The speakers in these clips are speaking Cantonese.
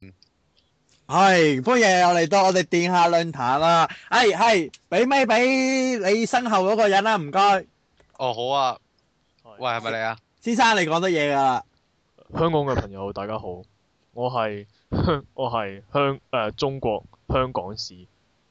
係、嗯哎，歡迎又嚟到我哋電下論壇啊！係、哎、係，俾、哎、咪俾你身後嗰個人啦、啊，唔該。哦，好啊。喂，係咪你啊？先生，你講得嘢噶。香港嘅朋友，大家好，我係我係香誒中國香港市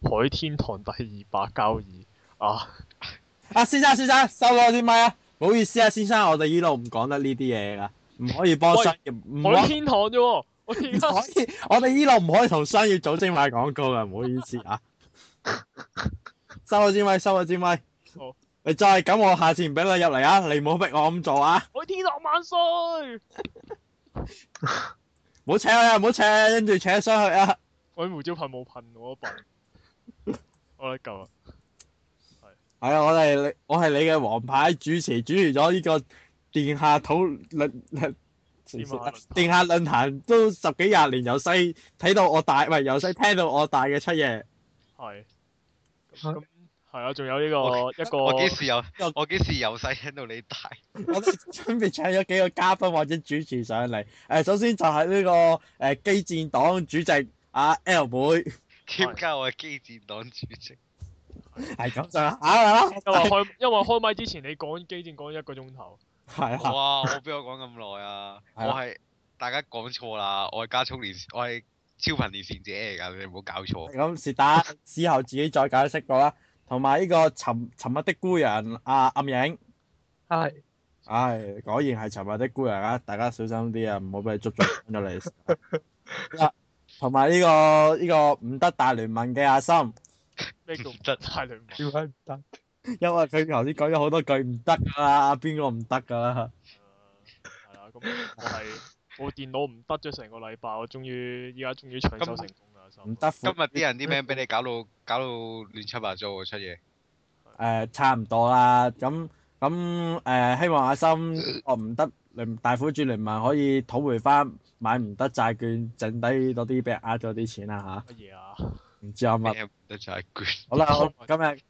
海天堂第二把交椅啊！ 啊，先生，先生，收我啲咪啊！唔好意思啊，先生，我哋呢度唔講得呢啲嘢噶，唔可以幫商業。喂海天堂啫。唔可以， 我哋呢度唔可以同商業組織買廣告㗎，唔好意思啊。 收咗支咪，收咗支咪。好，oh. 你再，咁我下次唔俾你入嚟啊！你唔好逼我咁做啊！我天皇萬歲！唔好請啊，唔好請，跟住請上去啊！我啲胡椒噴冇噴我一棒， 我哋夠啦。係啊，我係你，我係你嘅王牌主持，主持咗呢個殿下討論。 線下論壇都十幾廿年，由細睇到我大，唔係由細聽到我大嘅七嘢。係。咁係啊，仲、啊、有呢、這個我一個。我幾時由個我幾時由細聽到你大？ 我都準備請咗幾個嘉賓或者主持上嚟。誒、呃，首先就係呢、這個誒機、呃、戰黨主席阿、啊、L 妹。兼加我係機戰黨主席。係咁就啊，啊 因為開因為開麥之前你講機戰講咗一個鐘頭。係啊！哇，唔好俾我講咁耐啊！我係、啊啊、大家講錯啦，我係加速連，我係超頻連線者嚟噶，你唔好搞錯。咁是但事後自己再解釋過啦。同埋呢個沉沉默的孤人阿、啊、暗影，係，唉，果然係沉默的孤人啊！大家小心啲啊，唔好俾你捉住咗嚟。同埋呢個呢、這個唔得大聯盟嘅阿心，咩叫唔 得大聯盟？唔得？ 因為佢頭先講咗好多句唔得㗎喇，邊個唔得噶？係啊，咁我 我電腦唔得咗成個禮拜，我終於依家終於搶收成功啦，唔得。今日啲人啲名俾你搞到搞 到亂七八糟喎，出嘢。誒、呃，差唔多啦。咁咁誒、嗯呃，希望阿心 我唔得，連大苦主聯盟可以討回翻，買唔得債券，剩低多啲俾人呃咗啲錢啦嚇。乜嘢啊？唔知阿乜。唔得債券。 好啦，今日。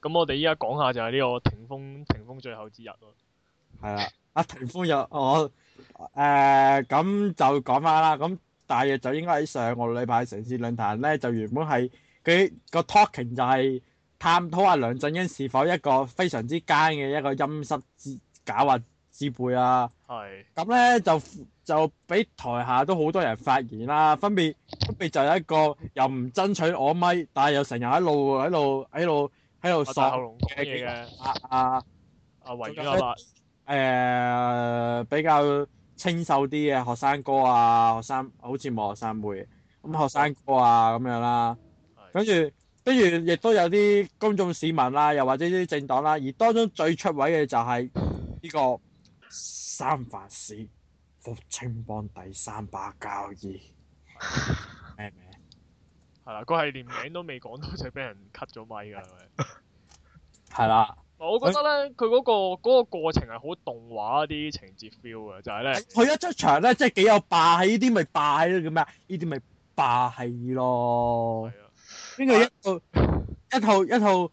咁我哋依家講下就係呢個霆鋒霆鋒最後之日咯。係啊，阿霆鋒又我誒，咁就講翻啦。咁大約就應該喺上個禮拜城市論壇咧，就原本係佢個 talking 就係探討下梁振英是否一個非常之奸嘅一個陰濕之狡猾之輩啦。係。咁咧就就俾台下都好多人發言啦，分別分別就係一個又唔爭取我麥，但係又成日喺度喺度喺度喺度索嘅阿阿阿維嘉達，誒、呃、比較清秀啲嘅學生哥啊，學生好似冇學生妹，咁學生哥啊咁樣啦，跟住跟住亦都有啲公眾市民啦，又或者啲政黨啦，而當中最出位嘅就係呢、呢個三藩市復清幫第三把交椅。 係啦，係連名都未講到就俾人 cut 咗咪㗎，係咪 的？係啦。我覺得咧，佢嗰、那個嗰、那個、過程係好動畫啲情節 feel 嘅，就係、是、咧，佢一出場咧，即、就、係、是、幾有霸氣，呢啲咪霸氣咯，叫咩？呢啲咪霸氣咯。呢的啊一套。一套一套一套誒，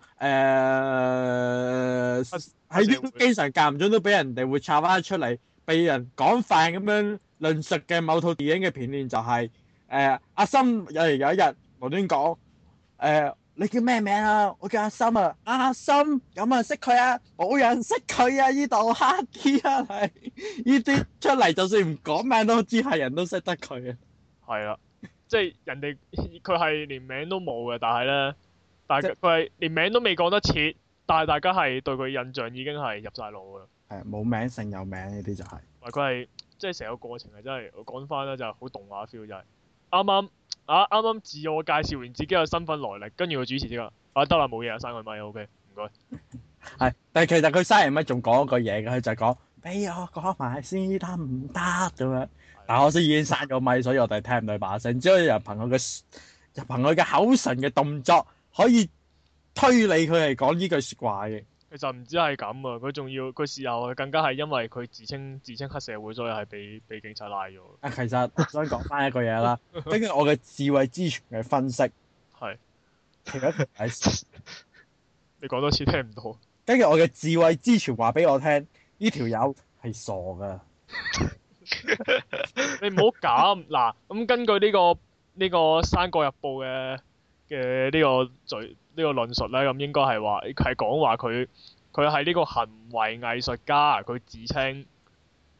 喺呢啲經常間唔中都俾人哋會插翻出嚟，俾人講飯咁樣論述嘅某套電影嘅片段就係、是、誒、呃、阿森有嚟有一日。頭先講，誒、呃，你叫咩名啊？我叫阿森啊，啊阿森，有冇人識佢啊？冇人識佢啊！呢度，哈啲啊，係呢啲出嚟，啊啊，就算唔講名都知係人都識得佢啊。係啦，即係人哋佢係連名都冇嘅，但係咧，但係佢係連名都未講得切，但係大家係對佢印象已經係入晒腦噶啦。係冇、啊、名勝有名呢啲就係、是。佢係即係成個過程係真係，講翻啦就係好動畫 feel 就係，啱啱。啊！啱啱自我介紹完自己嘅身份來歷，跟住個主持即話：啊得啦，冇嘢啦，刪個咪，OK，唔該。係，但係其實佢刪完咪仲講一句嘢嘅，佢就係講：俾我講埋先得唔得？咁樣。但我先已經刪咗咪，所以我哋聽唔到把聲，只有人憑佢嘅，憑佢嘅口唇嘅動作可以推理佢係講呢句説話嘅。其實唔止係咁啊，佢仲要佢時候，事更加係因為佢自稱自稱黑社會，所以係俾俾警察拉咗。啊，其實，我想講翻一個嘢啦，根據我嘅智慧之泉嘅分析，係是，其家係， 你講多次聽唔到根、這個 嗯。根據我嘅智慧之泉話俾我聽，呢條友係傻噶。你唔好咁嗱，咁根據呢個呢個《三國日報》嘅嘅呢個嘴。呢個論述咧，咁應該係話佢係講話佢佢係呢個行為藝術家，佢自稱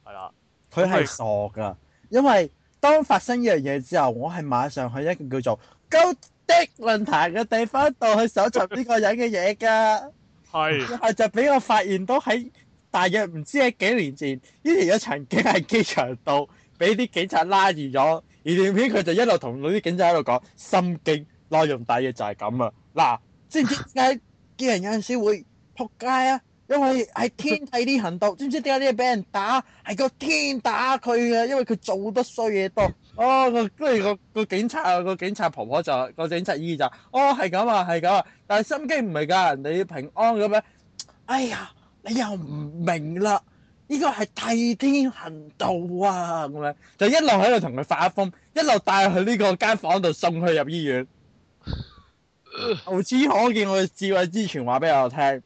係啦。佢係傻噶，因為當發生呢樣嘢之後，我係馬上去一個叫做高登論壇嘅地方度去搜尋呢個人嘅嘢噶。係，係就俾我發現到喺大約唔知喺幾年前，呢條友曾經喺機場度俾啲警察拉住咗，而後邊佢就一路同啲警察一路講心經，內容大約就係咁啊嗱。知唔知點解叫人有陣時會仆街啊？因為係天替啲行道，知唔知點解啲嘢俾人打係個天打佢嘅？因為佢做得衰嘢多。哦，跟住個個警察啊，個警察婆婆就、個警察姨就哦係咁啊，係咁啊，但係心機唔係㗎，人哋要平安咁樣。哎呀，你又唔明啦，呢個係替天行道啊！咁樣就一路喺度同佢發一瘋，一路帶佢呢個間房度送佢入醫院。無恥可見，我嘅智慧之前話俾我聽，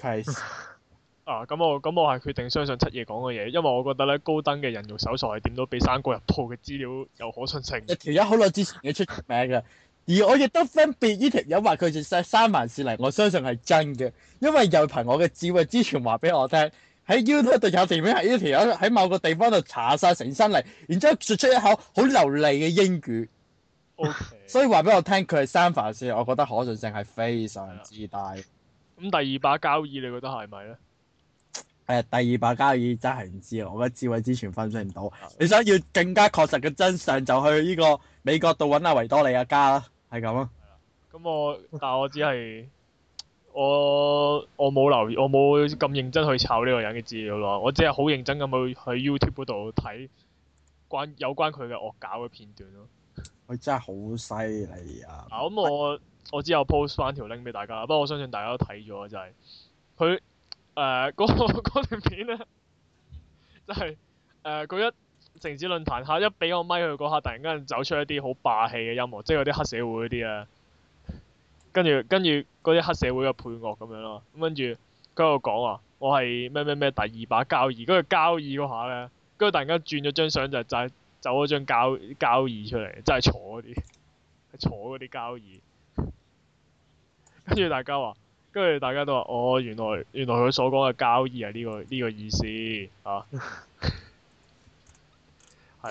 係啊，咁我咁我係決定相信七爺講嘅嘢，因為我覺得咧高登嘅人肉搜索係點都比三哥入鋪嘅資料有可信性。一條友好耐之前嘅出名嘅， 而我亦都分別呢條友話佢就晒三文士嚟，我相信係真嘅，因為又憑我嘅智慧之前話俾我聽，喺 YouTube 度有地名係呢條友喺某個地方度查晒成身嚟，然之後說出一口好流利嘅英語。Okay. 所以話俾我聽，佢係三凡師，我覺得可信性係非常之大。咁第二把交椅你覺得係咪咧？誒，第二把交椅真係唔知啊！我嘅智慧之前分析唔到。的你想要更加確實嘅真相，就去呢個美國度搵阿維多利亞家啦。係咁咯！咁我，但我只係 我我冇留意，我冇咁認真去炒呢個人嘅資料咯。我只係好認真咁去喺 YouTube 嗰度睇關有關佢嘅惡搞嘅片段咯。佢真係好犀利啊！咁、啊嗯、我我之後 post 翻條 link 俾大家，不過我相信大家都睇咗，就係佢誒嗰段片咧，就係誒佢一城市論壇一下一俾我咪佢嗰下，突然間走出一啲好霸氣嘅音樂，即係嗰啲黑社會嗰啲啊，跟住跟住嗰啲黑社會嘅配樂咁樣咯，跟住佢又講啊，我係咩咩咩第二把交椅。嗰個交椅嗰下咧，跟住突然間轉咗張相就就係、係。走咗張交交椅出嚟，真係坐嗰啲，係坐嗰啲交椅。跟 住大家話，跟住大家都話：哦，原來原來佢所講嘅交椅係呢個呢個意思啊。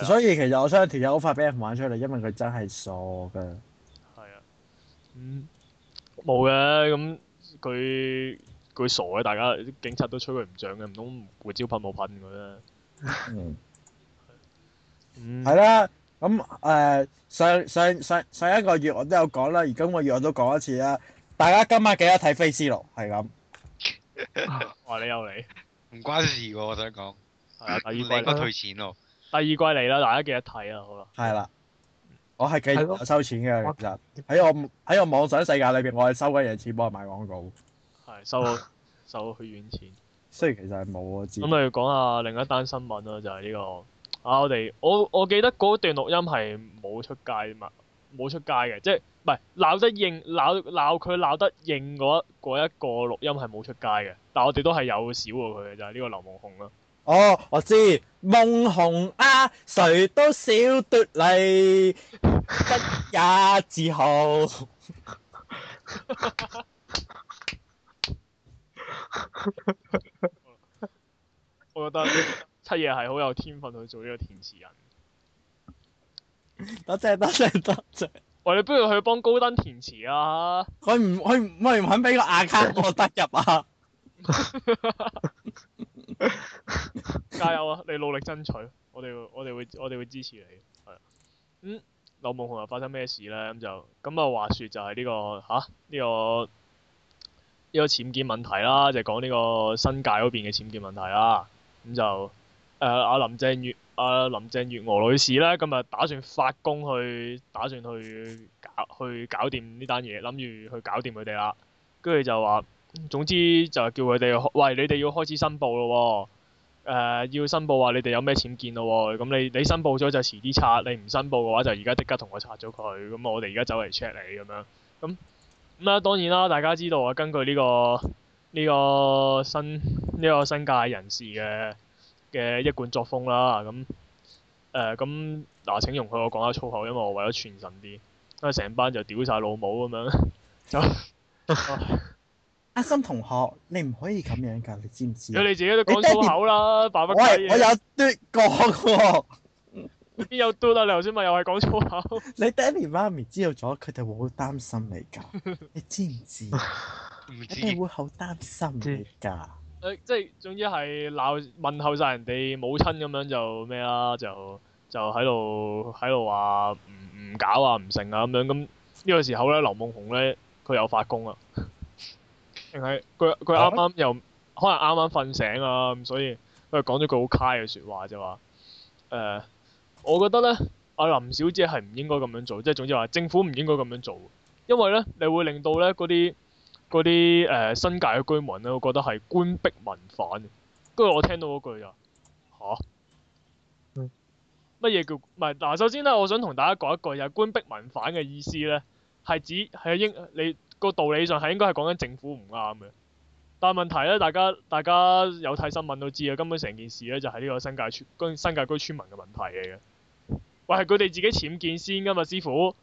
所以其實我想條友好快俾人玩出嚟，因為佢真係傻噶。係啊。嗯。冇嘅，咁佢佢傻嘅，大家警察都吹佢唔漲嘅，唔通胡椒噴冇噴佢啊？ 係啦，咁誒、嗯嗯嗯、上上上上一個月我都有講啦，而今個月我都講一次啦。大家今晚記得睇《飛絲龍？》 係咁，話你又嚟，唔關事喎。我想講，第二季不 退錢喎。第二季嚟啦，大家記得睇啊？好啦，係啦，我係繼續收錢嘅。其實喺 我喺我網上世界裏邊，我係收緊嘢錢幫人賣廣告，係收 收佢軟錢。雖然其實係冇我知。咁咪講下另一單新聞咯，就係、是、呢、這個。啊！我哋我我記得嗰段錄音係冇出街嘛，冇出街嘅，即係唔係鬧得應鬧鬧佢鬧得應嗰一，一個錄音係冇出街嘅，但係我哋都係有少過佢嘅就係呢個劉夢紅咯。哦，我知夢紅啊，誰都少奪利， 不也自豪。 我覺得。 七嘢係好有天分去做呢個填詞人，多謝多謝多謝。喂、哦，你不如去幫高登填詞啊！佢唔佢唔唔肯俾個 account 我得入啊！ 加油啊！你努力爭取，我哋會我哋會我哋會支持你。係啦，咁劉夢紅又發生咩事咧？咁就咁、這個、啊！話説就係呢個嚇呢、這個呢、這個僭建問題啦，就講、係、呢個新界嗰邊嘅僭建問題啦。咁就～誒阿、呃、林鄭月阿、呃、林鄭月娥女士呢，今日打算發工去，打算去搞去搞掂呢單嘢，諗住去搞掂佢哋啦。跟住就話，總之就叫佢哋，喂，你哋要開始申報咯喎、哦呃！要申報話你哋有咩僭建咯喎、哦，咁你你申報咗就遲啲拆，你唔申報嘅話就而家即刻同我拆咗佢。咁我哋而家走嚟 check 你咁樣咁咁啦，當然啦，大家知道啊，根據呢、呢個呢、呢個新呢、呢個新界人士嘅。嘅一貫作風啦，咁誒咁嗱，請容許我講下粗口，因為我為咗傳神啲，因為成班就屌晒老母咁樣。呵呵 阿森同學，你唔可以咁樣噶，你知唔知？你你自己都講粗口啦，爸爸。我有 do 講喎、哦， 你邊有 do？你頭先咪又係講粗口。你爹哋媽咪知道咗，佢哋會好擔心你噶，你知唔知？一定 道會好擔心你噶。呃、即係總之係鬧問候晒人哋母親咁樣就咩啦，就就喺度喺度話唔唔搞啊唔成啊咁樣。咁呢個時候咧，劉夢紅咧佢又發功啦，定係佢佢啱啱又可能啱啱瞓醒啊，咁所以佢講咗句好 K 嘅説話就話誒，我覺得咧阿林小姐係唔應該咁樣做，即係總之話政府唔應該咁樣做，因為咧你會令到咧嗰啲。嗰啲誒新界嘅居民咧，我覺得係官逼民反。跟住我聽到嗰句就嚇，乜、啊、嘢、嗯、叫唔係嗱？首先咧，我想同大家講一句，就係、是、官逼民反嘅意思咧，係指係應你、個道理上係應該係講緊政府唔啱嘅。但係問題咧，大家大家有睇新聞都知啊，根本成件事咧就係、是、呢個新界村居新界區村民嘅問題嚟嘅。喂，係佢哋自己僭建先噶嘛，師傅。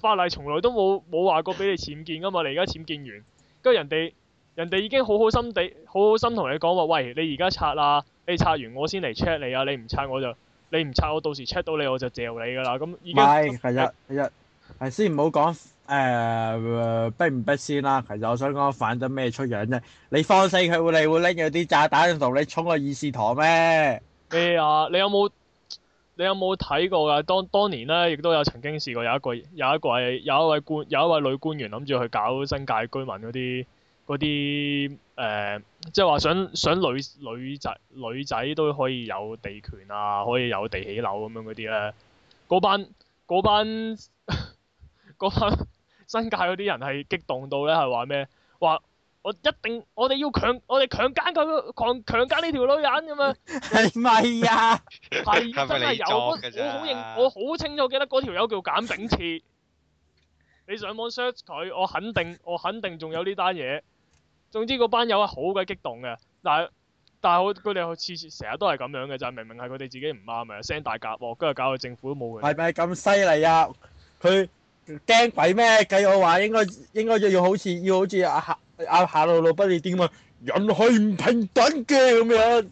法例從來都冇冇話過俾你僭建噶嘛，你而家僭建完，跟住人哋人哋已經好好心地好好心同你講話，喂，你而家拆啦，你拆完我先嚟 check 你啊，你唔拆我就，你唔拆我到時 check 到你我就嚼你噶啦，咁依家唔係，其實其實係先唔好講誒逼唔逼先啦，其實我想講反咗咩出樣啫，你放肆佢會你會拎咗啲炸彈同你衝個議事堂咩？咩啊？你有冇？你有冇睇過㗎？當當年咧，亦都有曾經試過有一個，有一個，有一位官，有一位女官員諗住去搞新界居民嗰啲嗰啲誒，即係話想想女女仔女仔都可以有地權啊，可以有地起樓咁樣嗰啲咧。嗰班嗰班嗰班新界嗰啲人係激動到咧，係話咩？話。我一定，我哋要強，我哋強姦佢，強強姦呢條女人咁樣啊，係咪啊？係真係有，我好認，我好清楚記得嗰條友叫簡炳賜。你上網 search 佢，我肯定，我肯定仲有呢單嘢。總之個班友啊，好鬼激動嘅。但係但係，我佢哋次次成日都係咁樣嘅，就係明明係佢哋自己唔啱啊，聲大夾，跟住搞到政府都冇佢。係咪咁犀利啊？佢驚鬼咩？計我話應該應該要好似要好似阿夏。阿夏、啊、路露不列顛嘛，人係唔平等嘅咁樣。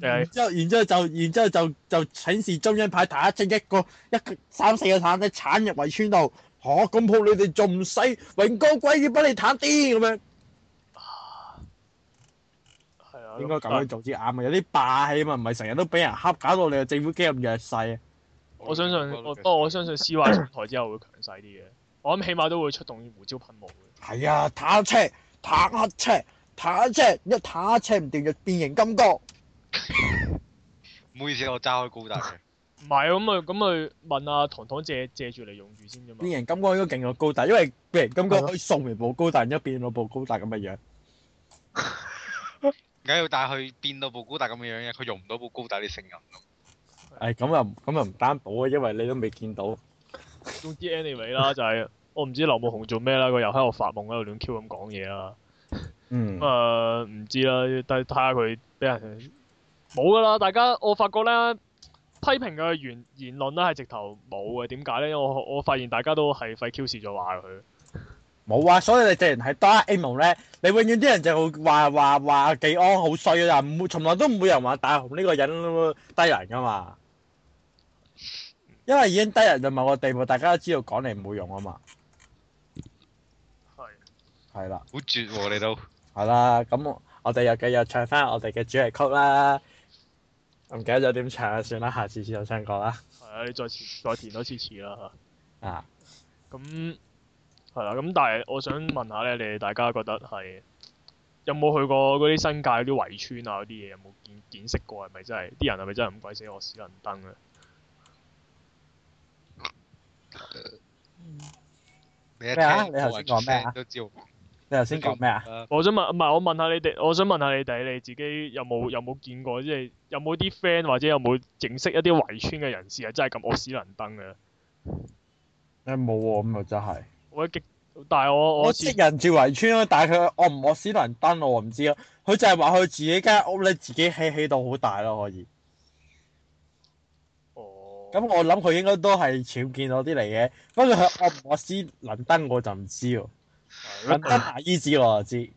係啊。之後，然之後就，然之後就就請示中央派坦克，一個一三四個、哦、你你坦克鏟入圍村度，吓咁鋪你哋仲唔細，永哥鬼要俾你鏟啲咁樣。係 啊。應該咁樣做至啱啊！有啲霸氣啊嘛，唔係成日都俾人蝦，搞到你嘅政府幾咁弱勢 。我相信，我我相信 CY 上台之後會強勢啲嘅。我諗起碼都會出動胡椒噴霧。係啊，坦克，坦克車，坦克車，一坦克車唔掂就變形金剛。唔 好意思，我揸開高達嘅。唔係、 啊，咁咪咁咪問阿糖糖借借住嚟用住先啫嘛。變形金剛應該勁過高達，因為變形金剛可以送嚟部高達，然之後變到部高達咁嘅樣。點解 要帶佢變到部高達咁嘅樣嘅，佢用唔到部高達啲性能。誒 哎，咁又咁又唔擔保啊，因為你都未見到。總之 anyway 啦，就係。我唔知劉冇紅做咩啦，佢又喺度發夢喺度亂 Q 咁講嘢啦。咁啊唔知啦，但睇下佢俾人冇噶啦。大家我發覺咧，批評嘅言言論都係直頭冇嘅。點解咧？因為我我發現大家都係廢 Q 事在話佢冇啊。所以你既然係哆啦 A 夢咧，你永遠啲人就話話話紀安好衰啊，從來都唔會人話大雄呢個人低人噶嘛。因為已經低人到某個地步，大家都知道講嚟冇用啊嘛。係啦，好絕喎、啊！你都係啦，咁 我哋又繼續唱翻我哋嘅主題曲啦。唔記得咗點唱啊，算啦，下次就唱過啦。係啊， 你再再填多次次啦嚇。啊。咁係啦，咁但係我想問下咧，你大家覺得係有冇去過嗰啲新界嗰啲圍村啊，嗰啲嘢有冇見見識過？係咪真係啲人係咪真係咁鬼死惡死能登啊？咩啊、嗯？麼你頭先講咩啊？你頭先講咩啊？我想問唔係，我問下你哋，我想問下你哋，你自己有冇有冇見過？即係有冇啲 friend 或者有冇認識一啲圍村嘅人士係真係咁惡屎倫登嘅？誒，冇喎，咁又、哦、真係。我激，但係我我我識人住圍村咯，但係佢惡唔惡屎倫登，我唔知啊。佢就係話佢自己間屋咧，自己起起到好大咯，可以。哦、uh。咁我諗佢應該都係少見到啲嚟嘅，不過佢惡唔惡屎倫登，我就唔知喎。跟大衣子我就知。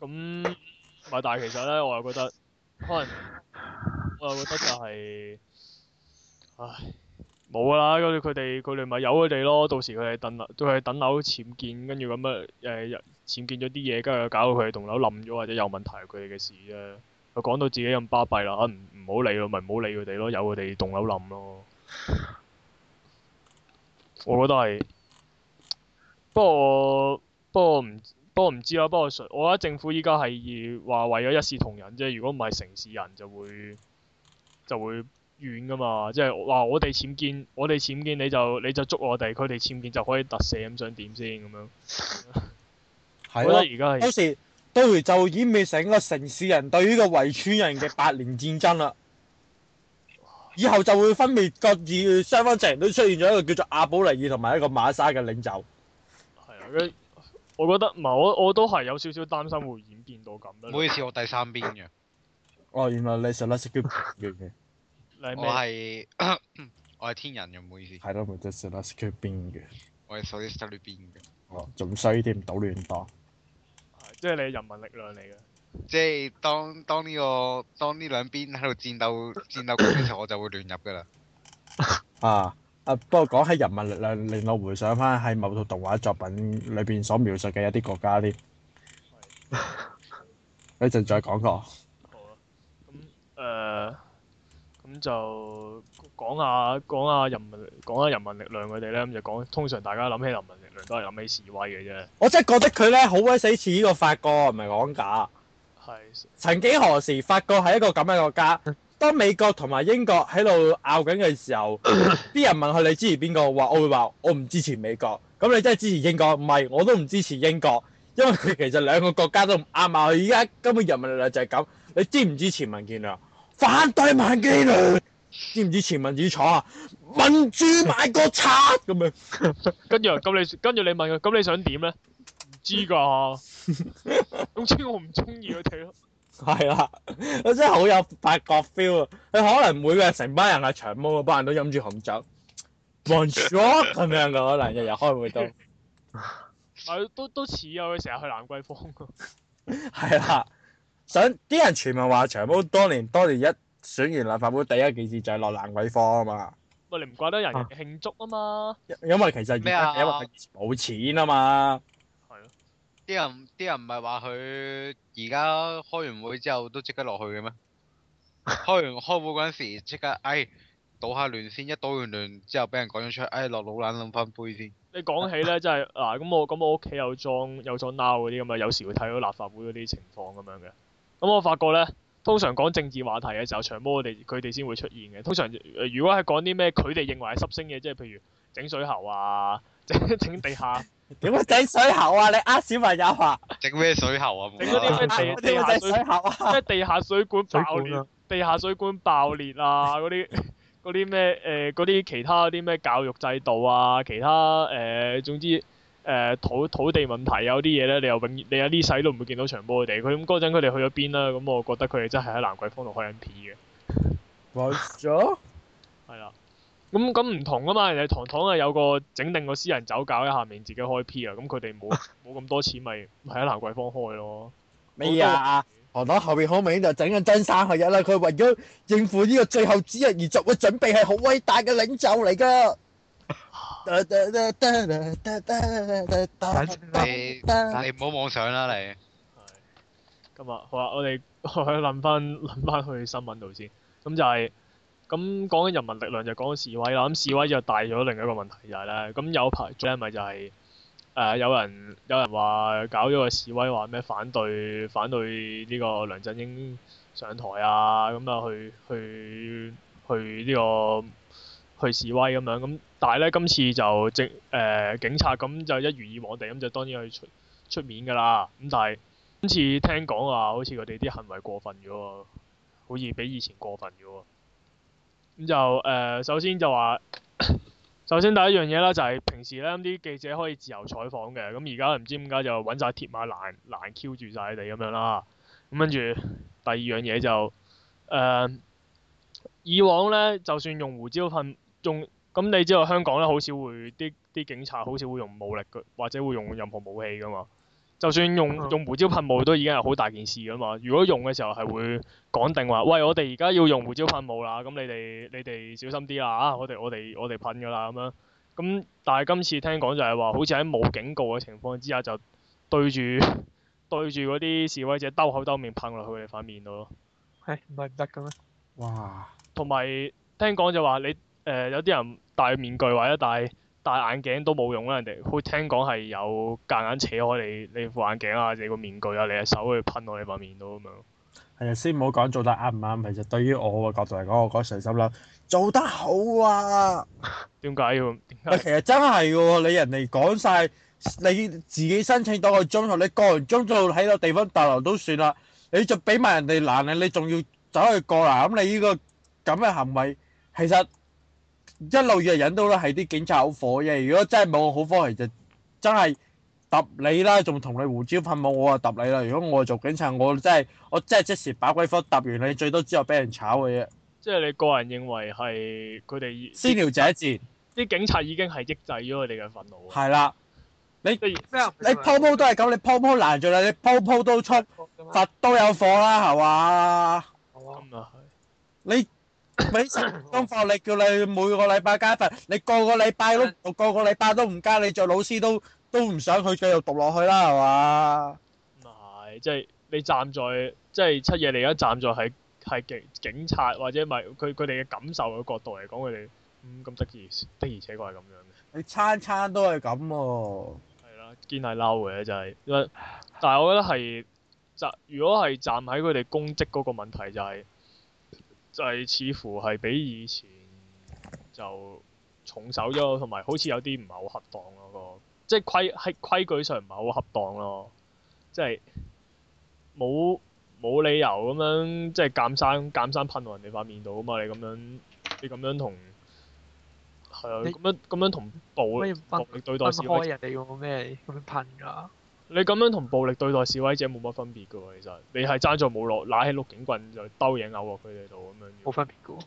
咁唔係，但係其實咧， 我又覺得可能我又覺得就係、是，唉，冇噶啦。跟住佢哋，佢哋咪由佢哋咯。到時佢哋等樓都係等樓僭建，跟住咁啊誒，僭、呃、建咗啲嘢，跟住搞到佢哋棟樓冧咗或者有問題，佢哋嘅事啫。佢講到自己咁巴閉啦，唔唔好理，理咯，咪唔好理佢哋咯，由佢哋棟樓冧咯。我覺得係，不過不過唔不過唔知啊。不過，我，不過，我，不不過我，我覺得政府依家係話為咗一視同仁啫。如果唔係城市人就，就會就會遠噶嘛。即係話，我哋僭建，我哋僭建你就你就捉我哋，佢哋僭建就可以特赦咁，想點先咁樣？係 咯、啊，到時到時就演變成一個城市人對呢個圍村人嘅八年戰爭啦。以後就會分裂各自，雙方陣都出現咗一個叫做阿寶尼爾同埋一個馬沙嘅領袖。我覺得唔係，我我都係有少少擔心會演變到噉樣。唔好意思，我第三邊嘅。各...即係當當呢個當呢兩邊喺度戰鬥戰鬥嗰陣時，我就會亂入噶啦。 啊啊！不過講起人民力量，令我回想翻喺某套動畫作品裏邊所描述嘅一啲國家添。 的 一陣再講過。好啦，咁誒，咁、呃、就講下講下人民講下人民力量佢哋咧。咁就講通常大家諗起人民力量都係諗起示威嘅啫。我真係覺得佢咧好鬼死似呢個法國，唔係講假。曾幾何時，法國係一個咁嘅國家。當美國同埋英國喺度拗緊嘅時候，啲 人問佢，你支持邊個？話我會話我唔支持美國。咁你真係支持英國？唔係，我都唔支持英國，因為佢其實兩個國家都唔啱啊。佢而家根本人民力量就係咁。你支唔支持民建聯？反對民基聯。知唔支持民主黨啊？民主賣國賊咁樣。 跟住咁你，跟住你問佢，咁你想點咧？知噶，總之我唔中意佢睇咯。係啊，我真係好有法國 feel 啊！佢可能每個成班人啊，長毛班人都飲住紅酒 one shot 咁樣噶，可能日日開會都。啊， 都都似有佢成日去蘭桂坊啊。係 啦，想啲人傳聞話長毛當年當年一選完立法會第一件事就係落蘭桂坊啊嘛。喂，你唔怪得人慶祝啊嘛。因為其實而家幾話以前冇錢啊嘛。啲人啲人唔係話佢而家開完會之後都即刻落去嘅咩？ 開完開會嗰陣時即刻，哎，搗下亂先，一搗完亂之後俾人趕咗出，哎，落老蘭飲返杯先。你講起咧，真係嗱，咁、啊、我咁我屋企有裝有裝 now 嗰啲咁啊，有時會睇到立法會嗰啲情況咁樣嘅。咁我發覺咧，通常講政治話題嘅時候，長毛哋佢哋先會出現嘅。通常、呃、如果係講啲咩佢哋認為係濕星嘅，即係譬如整水喉啊，整整地下。 點樣整水喉啊！你呃小朋友啊！整咩水喉啊？整啲咩地下水、水喉啊？即係地下水管爆裂，水管啊、地下水管爆裂啊！嗰啲嗰啲咩誒嗰啲其他啲咩教育制度啊，其他誒、呃、總之誒、呃、土土地問題有啲嘢咧，你又永你呢世都唔會見到長波嘅地，佢咁嗰陣佢哋去咗邊啦，咁我覺得佢哋真係喺蘭桂坊度開緊 P 嘅。我咗係啦。咁咁唔同啊嘛，人哋堂堂啊有個整定個私人酒窖喺下面自己開 P 啊，咁佢哋冇冇咁多錢，咪喺蘭桂坊開咯。咩啊？堂堂後邊好明顯就整緊真三合一啦，佢為咗應付呢個最後指日而做嘅準備係好偉大嘅領袖嚟㗎。你你唔好妄想啦你。今日好啊，我哋去哋諗翻諗翻去新聞度先，咁就係。咁講緊人民力量就講到示威啦，咁示威就帶咗另一個問題就係、是、咧，咁有排最係咪就係、是、誒、呃、有人有人話搞咗個示威，話咩反對反對呢個梁振英上台啊，咁、嗯、啊去去去呢、這個去示威咁樣咁，但係咧今次就政誒、呃、警察咁、嗯、就一如以往地咁、嗯、就當然去出出面㗎啦，咁、嗯、但係今次聽講話好似佢哋啲行為過分咗喎，好似比以前過分咗喎。咁就誒、呃，首先就話，首先第一樣嘢啦，就係平時咧啲記者可以自由採訪嘅，咁而家唔知點解就揾曬鐵馬欄欄 Q 住晒你哋咁樣啦。咁跟住第二樣嘢就誒、呃，以往咧就算用胡椒噴，仲咁你知道香港咧好少會啲啲警察好少會用武力或者會用任何武器噶嘛。就算用用胡椒噴霧都已經係好大件事㗎嘛！如果用嘅時候係會講定話，喂，我哋而家要用胡椒噴霧啦，咁你哋你哋小心啲啦啊！我哋我哋我哋噴㗎啦咁樣。咁但係今次聽講就係話，好似喺冇警告嘅情況之下就對住對住嗰啲示威者兜口兜面噴落去佢哋塊面度咯。係唔係唔得㗎咩？不不哇！同埋聽講就話你誒、呃、有啲人戴面具或者戴。戴眼鏡都冇用啦，人哋會聽講係有夾硬扯開你你副眼鏡啊，你個面具啊，你隻手去噴落你塊面度咁樣。係啊，先唔好講做得啱唔啱？其實對於我個角度嚟講，我覺得純心啦，做得好啊。點解要？點解？其實真係喎，你人哋講晒，你自己申請到個中途，你過完中途喺個地方逗留都算啦，你就俾埋人哋難嘅，你仲要走去過嚟，咁你呢個咁嘅行為其實～一路以嚟忍到啦，係啲警察好火嘅，如果真係冇好火，其實真係揼你啦，仲同你胡椒噴霧，我啊揼你啦！如果我係做警察，我真係我真係即時把鬼火揼完你，最多之後俾人炒嘅啫。即係你個人認為係佢哋先撩者賤，啲警察已經係抑制咗佢哋嘅憤怒。係啦，你麼你，你鋪鋪都係咁，你鋪鋪攔住啦，你鋪鋪都出佛都有火啦，係嘛？咁又係你。你成日當課， 你叫你每個禮拜加一份，你個個禮拜都個個禮拜都唔加，你做老師都都唔想佢繼續讀落去啦，係嘛？唔係，即係你站在即係七嘢你而家站在係係警警察或者咪佢佢哋嘅感受嘅角度嚟講，佢哋咁咁的而的而且確係咁樣嘅。你餐餐都係咁喎。係啦，堅係嬲嘅就係、是，但係我覺得係，若如果係站喺佢哋公職嗰個問題就係、是。就係似乎係比以前就重手咗，同埋好似有啲唔係好恰當嗰、嗰個，即係規係規矩上唔係好恰當咯，即係冇冇理由咁樣即係監生監生噴落人哋塊面度啊嘛！你咁樣你咁樣同係你啊咁樣咁樣同暴，暴力對待師弟，開人哋個咩咁樣噴㗎？你咁樣同暴力對待示威者冇乜分別噶喎，其實你係爭咗冇落，攬起碌警棍就兜影咬落佢哋度咁樣。冇分別噶喎。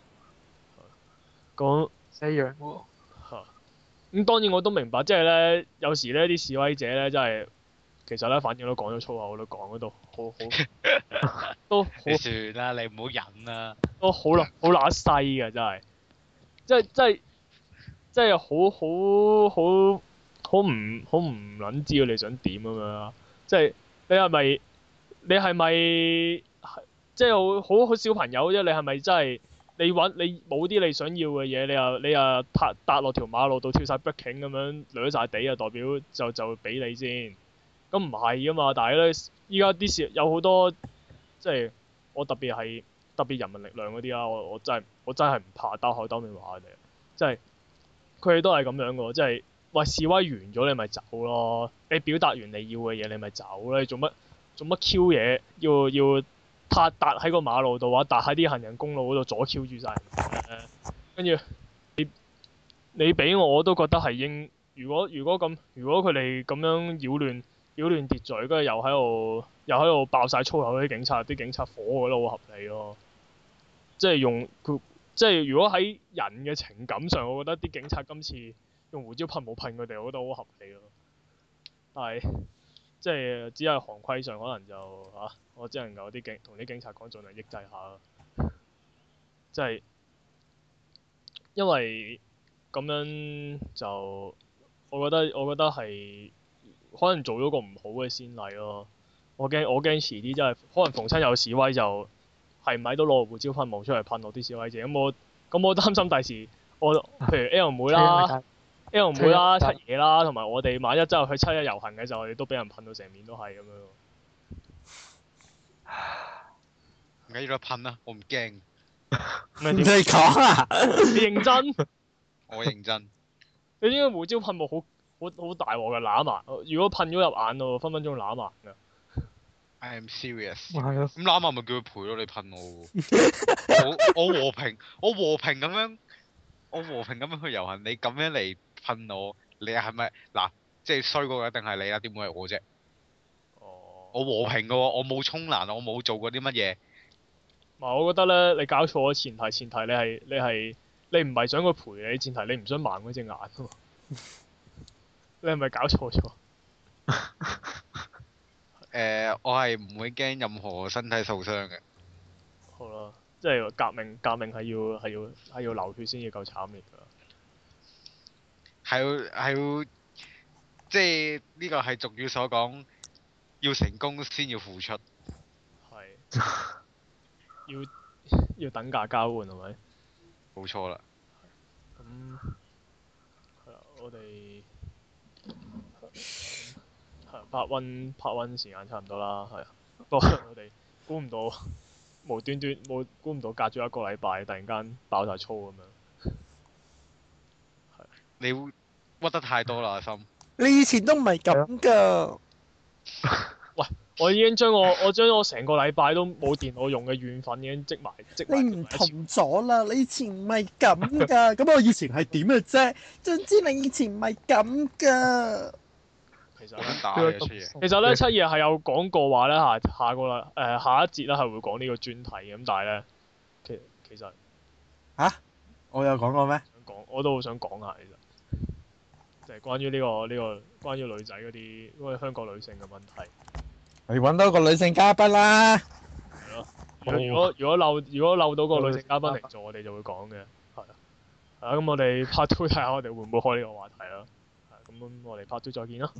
講西洋喎。咁當然我都明白，即係咧有時咧啲示威者咧真係，其實咧反正都講咗粗口都講嗰度，好好都。好。啦， 你唔好忍啦。都好難，好難西噶真係，即係即係即係好好好。好唔好唔捻知你想點咁樣？即係你係咪？你係咪？即係好好好小朋友啫！你係咪真係？你揾你冇啲你想要嘅嘢，你又、啊、你又搭落條馬路度，跳晒 breaking 咁樣，掠晒地啊！代表就就俾你先。咁唔係吖嘛？但係呢，依家啲事有好多，即係我特別係特別人民力量嗰啲啊！我我真我真係唔怕兜口兜面話佢哋，即係佢哋都係咁樣噶，即係。話示威完咗，你咪走咯。你表達完你要嘅嘢，你咪走啦。你做乜做乜？Q 嘢要要塌搭喺個馬路度啊！搭喺啲行人公路嗰度阻 Q 住晒誒跟住你你俾我，我都覺得係應。如果如果咁，如果佢哋咁樣擾亂擾亂秩序，跟住又喺度又喺度爆晒粗口，啲警察啲警察火，我覺得好合理咯。即係用即係如果喺人嘅情感上，我覺得啲警察今次。用胡椒噴霧噴佢哋，我覺得好合理咯。但係即係只係行規上，可能就吓，我只能夠啲警同啲警察講，盡量抑制下。即係因為咁樣就我覺得，我覺得係可能做咗個唔好嘅先例咯。我驚，我驚遲啲真係可能逢親有示威就係咪都攞胡椒噴霧出嚟噴落啲示威者，咁我，咁我擔心第時，我譬如 L 妹啦。啊因為唔會啦，柒嘢啦，同埋我哋萬一真係去七一遊行嘅時候，我都俾人噴到成面都係咁樣。唔緊要啦，噴啦，我唔驚。唔識講啊？ 你認真？我認真。 你應該胡椒噴霧好，好，好大鑊嘅，攬埋。如果噴咗入眼喎，分分鐘攬埋。I am serious。咁攬埋咪叫佢賠咗你噴我， 我。我和平，我和平咁樣，我和平咁樣去遊行，你咁樣嚟。憤怒，你係咪嗱？即係衰過一定係你啦，點會係我啫？哦。Oh, 我和平嘅，我冇沖難，我冇做過啲乜嘢。嗱，我覺得咧，你搞錯咗前提，前提你係你係你唔係想佢陪你前提， 你唔想盲嗰隻眼啊，你係咪搞錯咗？誒、 呃，我係唔會驚任何身體受傷嘅。好啦，即係革命，革命係要係要係要，要流血先至夠慘烈噶。係要，係要，即係呢、這個係俗語所講，要成功先要付出。係。要要等價交換係咪？冇錯啦。咁係啊，我哋 Part One Part One 時間差唔多啦，係啊， 不過我哋估唔到，無端端冇估唔到隔咗一個禮拜，突然間爆曬粗咁樣。你屈得太多啦阿心，你以前都唔係咁噶。 喂，我已經將我我將我成個禮拜都冇電腦用嘅怨憤已經積埋積埋。積，你唔同咗啦，你以前唔係咁噶。咁 我以前係點嘅啫？總之你以前唔係咁噶。其實好咧，七爺係有講過話咧，下下個禮、誒，下一節咧係會講呢個專題嘅。咁但係咧，其其實吓、啊，我有講過咩？講，我都好想講下。就係關於呢個，呢個關於女仔嗰啲，因為香港女性嘅問題，你揾到個女性嘉賓啦。係咯。如果、哦、如果如果漏如果漏到個女性嘉賓嚟做，我哋就會講嘅。係。啊，咁我哋 part 2睇下，我哋會唔會開呢個話題啦？咁，我哋 part 2再見啦。